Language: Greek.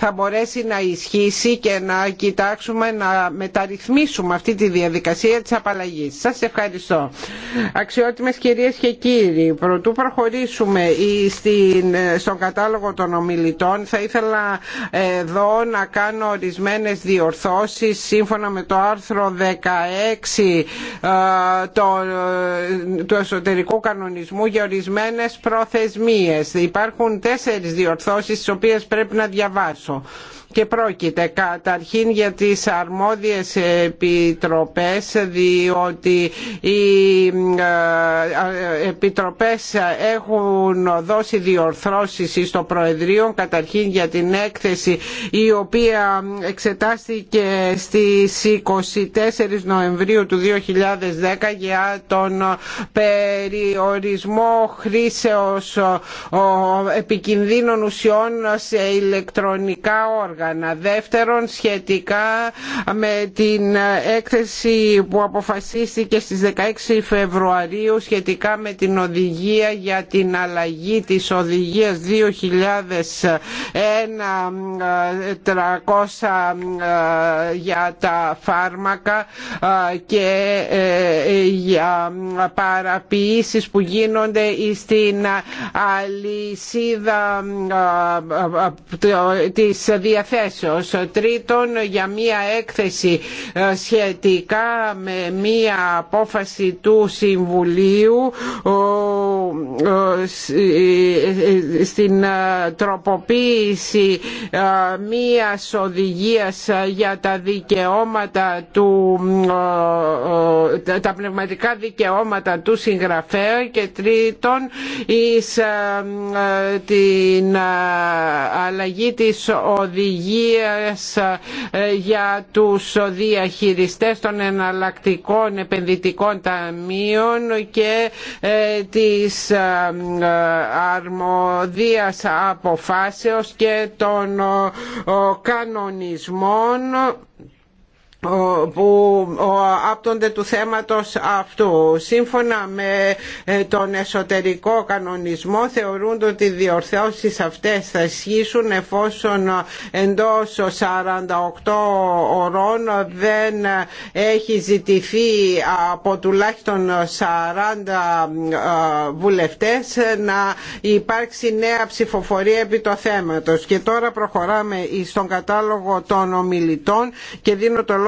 θα μπορέσει να ισχύσει και να κοιτάξουμε να μεταρρυθμίσουμε αυτή τη διαδικασία της απαλλαγής. Σας ευχαριστώ. Αξιότιμες κυρίες και κύριοι, πρωτού προχωρήσουμε στην, στον κατάλογο των ομιλητών θα ήθελα ε, εδώ να κάνω ορισμένες διορθώσεις σύμφωνα με το άρθρο 16 ε, ε, του εσωτερικού κανονισμού για ορισμένες προθεσμίες. Υπάρχουν τέσσερις διορθώσεις τις οποίες πρέπει να διαβάσω. Ευχαριστώ και πρόκειται καταρχήν για τις αρμόδιες επιτροπές διότι οι ε, ε, επιτροπές έχουν δώσει διορθώσεις στο Προεδρείο καταρχήν για την έκθεση η οποία εξετάστηκε στις 24 Νοεμβρίου του 2010 για τον περιορισμό χρήσεως επικινδύνων ουσιών σε ηλεκτρονικά όργανα Δεύτερον, σχετικά με την έκθεση που αποφασίστηκε στις 16 Φεβρουαρίου σχετικά με την οδηγία για την αλλαγή της οδηγίας 2001-300 ε, ε, για τα φάρμακα ε, και για παραποιήσεις που γίνονται στην αλυσίδα της διαθέσης στο Τρίτον, για μία έκθεση ε, σχετικά με μία απόφαση του Συμβουλίου ε, ε, στην ε, τροποποίηση μίας οδηγίας για τα δικαιώματα του τα πνευματικά δικαιώματα του συγγραφέα και τρίτον εις την αλλαγή της οδηγίας για τους διαχειριστές των εναλλακτικών επενδυτικών ταμείων και της της ε, ε, αρμοδίας αποφάσεως και των κανονισμών που άπτονται του θέματος αυτού. Σύμφωνα με ε, τον εσωτερικό κανονισμό θεωρούνται ότι οι διορθώσεις αυτές θα ισχύσουν εφόσον ε, εντός 48 ωρών δεν έχει ζητηθεί από τουλάχιστον 40 ε, βουλευτές να υπάρξει νέα ψηφοφορία επί το θέματος. Και τώρα προχωράμε στον κατάλογο των ομιλητών και δίνω το λόγο